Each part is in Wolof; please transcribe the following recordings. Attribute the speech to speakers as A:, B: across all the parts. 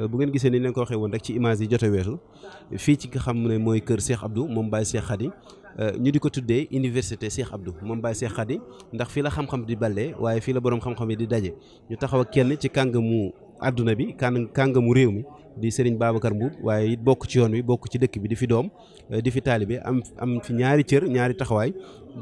A: Euh, bu ngeen gisee ni leen ko waxee woon rek ci image yi jote weesu fii ci xam ne mooy kër Cheikh Abdou moom Baye Cheikh Khady euh, ñu di ko tuddee université Cheikh Abdou moom Baye Cheikh Khady ndax fii la xam-xam di bale waaye fii la boroom xam-xam yi di daje ñu taxaw ak kenn ci mu àdduna bi kàn kàngamu réew mi di sëriñ Babacar Mbuub waaye it bokk ci yoon wi bokk ci dëkk bi di fi doom eh, di fi taalibe am am fi ñaari cër ñaari taxawaay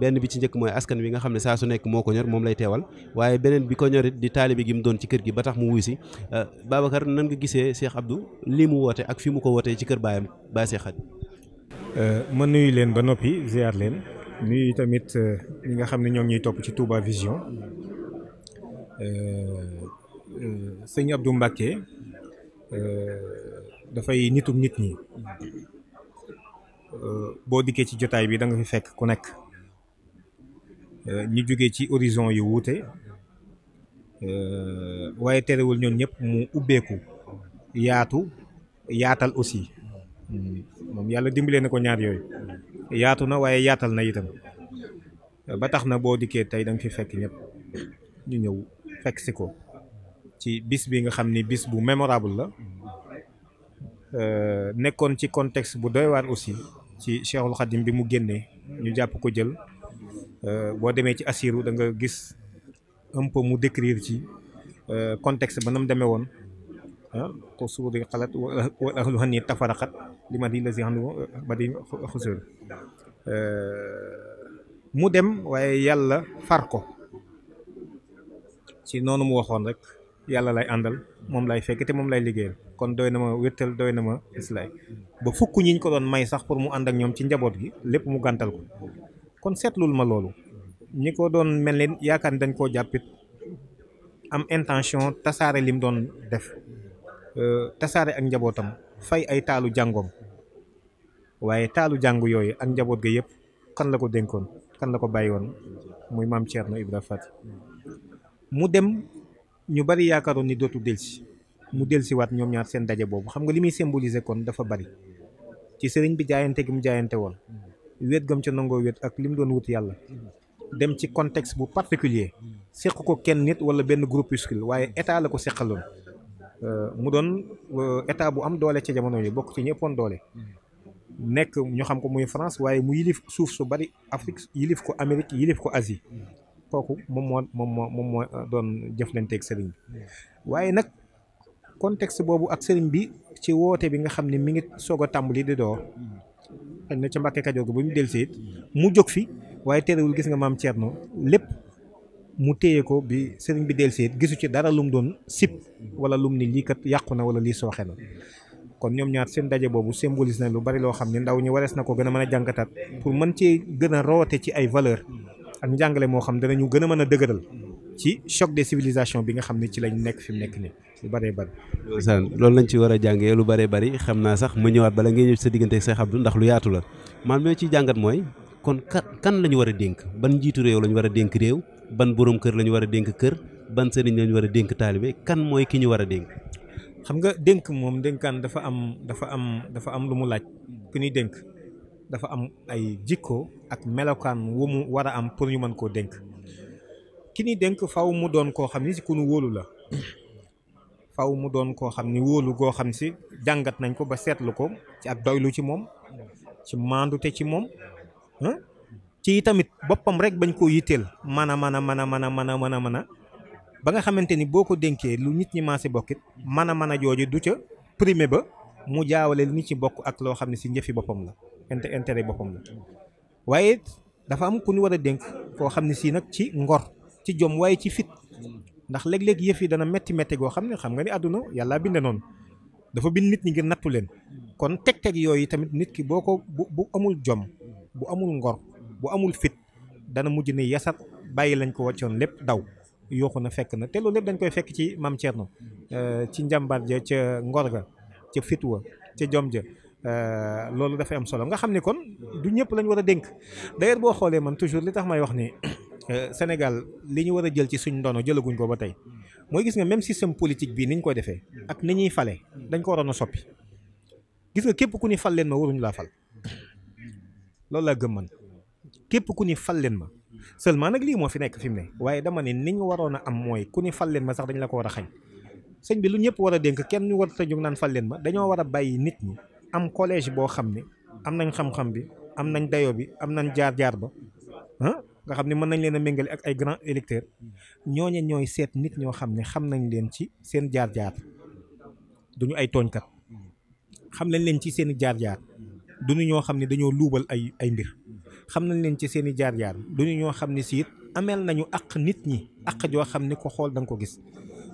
A: benn bi ci njëkk mooy askan wi nga xam ne saa su nekk moo ko ñor moom lay teewal waaye beneen bi ko ñorit di taalibe gi mu doon ci kër gi ba tax mu wuy si eh, Babacar nan nga gisee Cheikh Abdou li mu woote ak fi mu ko wootee ci kër baayam Baay Cheikh Xadi eh,
B: ma nuyu leen ba noppi ziar leen nuyu tamit ñi nga xam ne ñoom ñuy topp ci Touba Vision sëñ du Mbacke euh, dafay nitum nit ñi euh, boo dikkee ci jotaay bi danga nga fi fekk ku nekk euh, ñu jógee ci horizon yu wuute waaye terewul ñoom ñëpp mu ubbeeku yaatu yaatal aussi hmm, moom yàlla dimbalee na ko ñaar yooyu yaatu na waaye yaatal na itam ba tax na boo dikkee tey da nga fi fekk ñëpp ñu ñëw fekk si ko. ci bis bi nga xam ni bis bu mémorable la euh, nekkoon ci contexte bu doy waar aussi ci Cheikhul Khadim bi mu génnee ñu jàpp ko jël euh, boo demee ci Assirou danga gis un mu décrire ci euh, contexte ba na mu demee woon ah ko suuri li ma di la si dem waaye yàlla far ko ci noonu mu waxoon rek yàlla lay àndal moom lay fekk te moom lay liggéeyal kon dooy na ma wéttal doy na ma islaay ba fukk ñiñ ko doon may sax pour mu ànd ak ñoom ci njaboot gi lépp mu gàntal ko kon seetlul ma loolu ñi ko doon mel ni yaakaar ni dañ koo jàppit am intention tasaare lim doon def tasaare ak njabootam fay ay taalu jàngoom waaye taalu jàngu yooyu ak njaboot gi yëpp kan la ko dénkoon kan la ko bàyyi woon muy maam Thierno Ibra Fati mu dem ñu bari yaakaaroon ni dootu delsi mu delsiwaat ñoom ñaar seen daje boobu xam nga li muy symboliser kon dafa bari ci sëriñ bi jaayante gi mu jaayante woon wéet gam ca nangoo wéet ak li mu doon wut yàlla dem ci contexte bu particulier seq ko kenn nit wala benn groupuscule waaye état la ko seqaloon euh, mu doon euh, état bu am doole ci jamono yi bokk ci ñëppoon doole nekk ñu xam ko muy France waaye mu yilif suuf su bari Afrique yilif ko Amérique yilif ko Asie kooku moom moo moom moo moom moo euh, doon jëflanteeg sëriñ bi waaye nag contexte boobu ak sëriñ bi ci woote bi nga xam ne mi ngi soog a tàmbali di door mm. xëy na ca Mbàkke Kajoor gi bu ñu dellusee it mu jóg fi waaye terewul gis nga maam Thierno lépp mu téye ko bi sëriñ bi dellusee it gisu ci dara lu mu doon sip wala lum ni lii kat yàqu na wala lii sooxe na. kon ñoom ñaar seen daje boobu symbolise na lu bari loo xam ne ndaw ñi warees na ko gën a mën a jànkataat pour mën cee gën a roote ci ay valeur mm. ak njàngale moo xam danañu gën a mën a dëgëral ci choc de civilisations bi nga xam ne ci lañu nekk fi mu nekk nii lu bëree bëri.
A: loolu lañ ci war a jàngee lu bare bëri xam naa sax ma ñëwaat bala ngay ñëw sa diggante Cheikh Abdou ndax lu yaatu la maam mi ciy jàngat mooy kon kan kan la ñu war a dénk ban njiitu réew la ñu war a dénk réew ban boroom kër la ñu war a dénk kër ban sëriñ la ñu war a dénk taalibe kan mooy ki ñu war a dénk. xam nga dénk moom dénkaan dafa am dafa am dafa am lu mu laaj ku ñuy dénk. dafa
B: am ay jikko ak melokaan wu mu war a am pour ñu mën koo dénk ki ni dénk faw mu doon koo xam ni si ku nu wóolu la faw mu doon koo xam ni wóolu goo xam si jàngat nañ ko ba seetlu ko ci ak doylu ci moom ci te ci moom ci tamit boppam rek bañ koo yitteel mën a mën a mën a mën a mën a mën a mën a ba nga xamante ni boo ko dénkee lu nit ñi maase bokkit mën a mën a jooju du ca primé ba mu jaawale li ci bokk ak loo xam ne si njëfi boppam la inte intérêt boppam la waaye dafa am ku ñu war a dénk koo xam ne sii nag ci ngor ci jom waaye ci fit ndax léeg-léeg yëf yi dana metti metti goo xam ne xam nga ni àdduna yàlla binde noonu dafa bind nit ñi ngir nattu leen kon teg-teg yooyu tamit nit ki boo ko bu bu amul jom bu amul ngor bu amul fit dana mujj ne yasat bàyyi lañ ko wàccoon lépp daw yooxu na fekk na te loolu lépp dañ koy fekk ci maam Thierno euh, ci njàmbaar ja ca ngor ga ca fit wa ca jom ja Euh, loolu dafay am solo nga xam ni kon du ñëpp lañ war a dénk d'ailleurs boo xoolee man toujours li tax may wax ni euh, Sénégal li ñu war a jël ci suñ ndono jëlaguñ ko ba tey mooy gis nga même système politique bii ni ñu defee ak ni ñuy fale dañ ko waroon a soppi gis nga képp ku ni fal leen ma waruñu laa fal loolu laa gëm man képp ku ni fal leen ma seulement nag lii moo fi nekk fi mu ne waaye dama ne ni ñu waroon am mooy ku ni fal leen ma sax dañu la ko war a xañ sëñ bi lu ñëpp war a dénk kenn ñu war a jóg naan fal leen ma dañoo war a bàyyi nit ñi am collège boo xam ne am nañ xam-xam bi am nañ dayo bi am nañ jaar-jaar ba ah, nga xam ne mën nañ leen a méngale ak ay grand grands électeurs ñooñe ñooy seet nit ñoo xam ne xam nañ leen ci seen jaar-jaar duñu ay tooñkat xam nañ leen ci seen jaar-jaar duñu ñoo xam ne dañoo luubal ay ay mbir xam nañ leen ci seen i jaar duñu ñoo xam ne siit ameel nañu ak nit ñi àq joo xam ne ko xool danga ko gis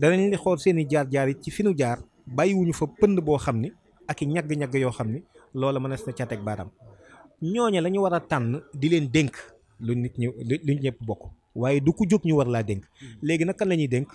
B: danañ li xool seen i jaar-jaar yi ci fi nu jaar bàyyiwuñu fa pënd boo xam ne ak i ñagg-ñagg yoo xam ne loola mënees na ca teg baaraam ñooña la ñu war a tànn di leen dénk lu nit ñi lu ñëpp bokk waaye du ku jóg ñu war laa dénk léegi nag kan la ñuy dénk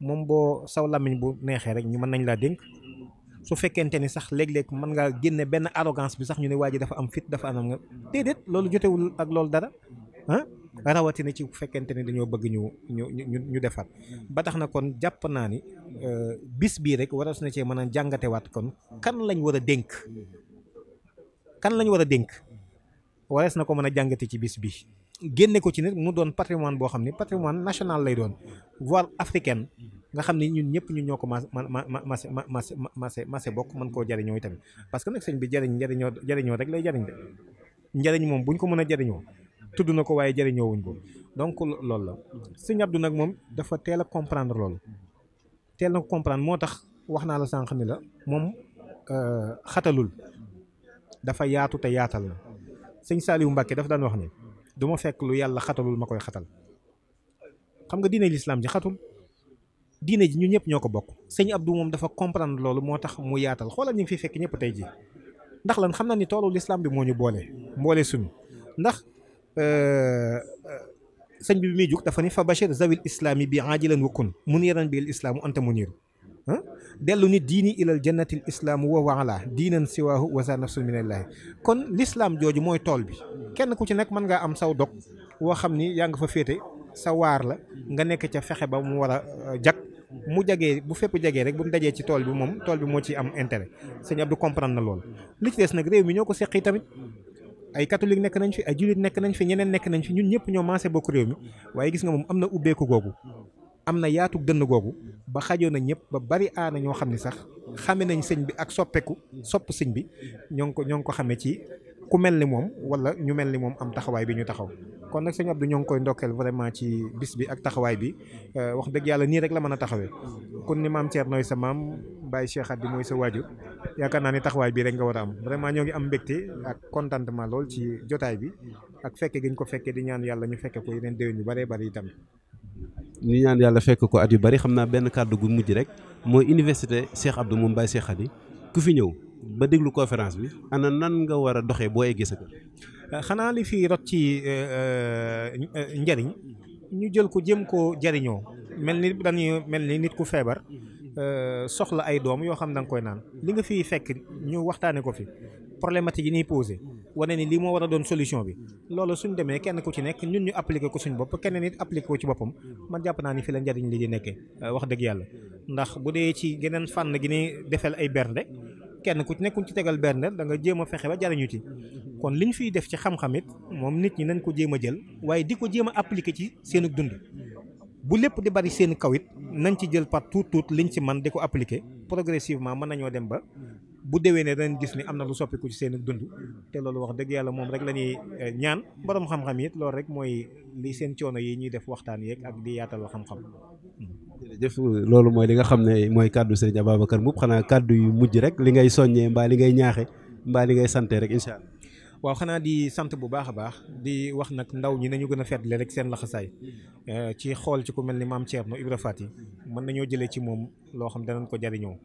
B: moom boo saw làmmiñ bu neexee rek ñu mën nañ laa dénk su fekkente ni sax léeg-léeg mën ngaa génne benn arrogance bi sax ñu ne waa ji dafa am fit dafa anam nga déedéet loolu jotewul ak loolu dara ah Mm-hmm. rawatina ci bu fekkente ne dañoo bëgg ñu ñu ñu ñu defar mm-hmm. ba tax na kon jàpp naa ni euh, bis bii rek waras na cee mën a jàngatewaat kon kan lañ war a dénk mm-hmm. kan lañ war a dénk waras na ko mën a jàngate ci bis bi génne ko ci nit mu doon patrimoine boo xam ne patrimoine national lay doon voire africaine nga xam ne ñun ñëpp ñu ñoo ko mas mas mas mas mas bokk mën koo jariñoo tamit parce que nag sëñ bi jariñ jariñoo jariñoo rek lay jariñ de njariñ moom buñ ko mën a jariñoo tudd na ko waaye jëriñoo wuñ ko donc loolu la sëñ Abdou nag moom dafa teel a comprendre loolu teel na ko comprendre moo tax wax naa la sànq ni la moom euh, xatalul dafa yaatu te yaatal na sëñ Saliou Mbacke dafa daan wax ni du fekk lu yàlla xatalul ma koy xatal xam nga diine lislaam ji xatul diine ji ñu ñëpp ñoo ko bokk sëñ Abdou moom dafa comprendre loolu moo tax mu yaatal xoolal ñu ngi fi fekk ñëpp tey ji ndax la xam na ni toolu lislaam bi moo ñu boole mboole suñu Euh, euh, sëñ bi bi muy jug dafa ni fa bashir zawil islaami bi ajilan wa kun muniran bil islaamu anta muniru dellu ni diini ilal jannatil islaam wa waala diinan siwaahu wasa nafsun minallaahi kon lislaam jooju mooy tool bi kenn ku ci nekk mën ngaa am saw dog woo xam ni yaa nga fa féete sa waar la nga nekk ca fexe ba mu war a euh, jag mu jagee bu fépp jagee rek bu mu dajee ci tool bi moom tool bi moo ci am intérêt sëñ Abdou comprendre na loolu li ci des nag réew mi ay catholique nekk nañ fi ay julit nekk nañ fi ñeneen nekk nañ fi ñun ñëpp ñoo maase bokk réew mi waaye gis nga moom am na ubbeeku googu am na yaatu dënn googu ba xajoo na ñëpp ba bari aana ñoo xam ne sax xame nañ sëñ bi ak soppeeku sopp sëñ bi ñoo ko ñoo ngi ko xamee ci ku mel ni moom wala ñu mel ni moom am taxawaay bi ñu taxaw kon nag sëñ Abdou ñoo ngi koy ndokkeel vraiment ci bis bi ak taxawaay bi euh, wax dëgg yàlla nii rek la mën a taxawee kon ni maam Thierno nooy sa maam Baye Cheikh Addi mooy sa waajur yaakaar naa ni taxawaay bii rek nga war a am vraiment ñoo ngi am mbégte ak contentement lool ci jotaay bi ak fekkee gi ñu ko fekkee di ñaan yàlla ñu fekke ko yeneen déwén yu bëree bëri itam.
A: ñu ñaan yàlla fekk ko at yu bëri xam naa benn kàddu gu mujj rek mooy université Cheikh Abdou moom Baye Cheikh yi ku fi ñëw ba déglu conférence bi ana nan nga war a doxee boo eggee sa kër.
B: Euh, xanaa li fi rot ci euh, euh, njariñ ñu jël ko jëm koo jariñoo mel ni dañuy mel feebar. Euh, soxla ay doom yoo xam da nga koy naan li nga fi fekk ñu waxtaanee ko fi problématique yi ñuy posé wane ni lii moo war a doon solution bi loolu suñ demee kenn ku ci nekk ñun ñu appliqué ko suñ bopp keneen nit appliqué ci boppam man jàpp naa ni fi njariñ li di nekkee euh, wax dëgg yàlla ndax bu dee ci geneen fànn gi ni defal ay bernde kenn ku ci nekkuñ ci tegal benn da nga jéem a fexe ba jariñu ci kon li ñu fiy def ci xam-xamit moom nit ñi nañ ko jéem a jël waaye di ko jéem a ci seen dund bu lépp di bari seen kawit nañ ci jël par tuut tuut liñ ci man di ko appliquer progressivement mën nañoo dem ba bu dewee ne danañ gis ni am na lu soppiku ci seen dund te loolu wax dëgg yàlla moom rek la ñuy eh, ñaan borom xam-xam yi loolu rek mooy li seen coono yi ñuy def waxtaan yeeg ak di yaatal xam-xam.
A: loolu mooy li nga xam ne mooy kàddu sëriñ Ababacar Mboup xanaa kàddu yu mujj rek li ngay soññee mbaa li ngay ñaaxe mbaa li ngay sante rek incha
B: waaw xanaa di sant bu baax a baax di wax nag ndaw ñi nañu gën a feetle rek seen laxasaay eh, ci xool ci ku mel ni maam Thierno Ibra Fati mën nañoo jëlee ci moom loo xam danañ ko jariñoo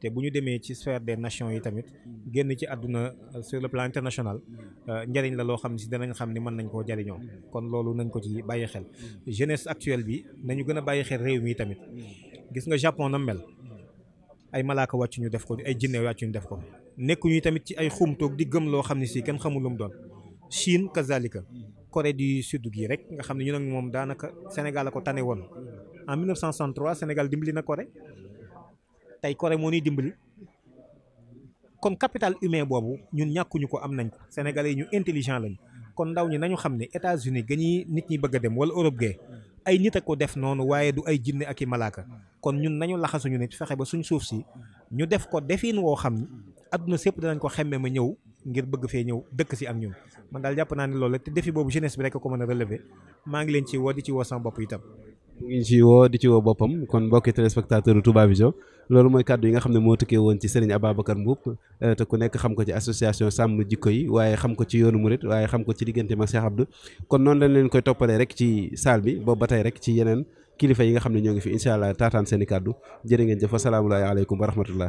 B: te bu ñu demee ci sphère de nations yi tamit génn ci àdduna euh, sur le plan international euh, njëriñ la loo xam si danañ xam ni mën nañ koo jariñoo kon loolu nañ ko ci bàyyi xel jeunesse actuelle bi nañu gën a bàyyi xel réew mi tamit gis nga Japon na mel ay malaaka wàcc ñu def ko ay jinne wàcc ñu def ko nekkuñu tamit ci ay xumtoog di gëm loo xam ne si kenn xamul lu mu doon Chine kazalika Corée du Sud gii rek nga xam ne ñu nag moom daanaka Sénégal la ko tane woon en 1963 Sénégal dimbali na Corée tey Corée moo ñuy dimbali kon capital humain boobu ñun ñàkkuñu ko am nañ ko yi ñu intelligent lañ kon ndaw ñi nañu xam ne États-Unis ga ñuy nit ñi bëgg dem wala Europe gee ay nit a ko def noonu waaye du ay jinne ak i malaaka kon ñun nañu laxasuñu nit fexe ba suñu suuf si ñu def ko defin woo xam ni adduna sépp danañ ko xemme ma ñëw ngir bëgg fee ñëw dëkk si ak ñun man daal jàpp naa ne loolu te defi boobu jeunesse bi rek ko mën a relever maa ngi leen ci woo di ci woo sama bopp itam
A: ngi ci woo di ci woo boppam kon mbokki téléspectateur Touba Vision loolu mooy kàddu yi nga xam ne moo tukkee woon ci Serigne Ababacar Mboup euh, te ku nekk xam ko ci association sàmm jikko yi waaye xam ko ci yoonu murit waaye xam ko ci diggante ma Cheikh Abdou kon noonu lañ leen koy toppalee rek ci saal bi boobu ba tey rek ci yeneen kilifa yi nga xam ne ñoo ngi fi incha allah taataan seen i kàddu jërë ngeen jëf asalaamu aleykum wa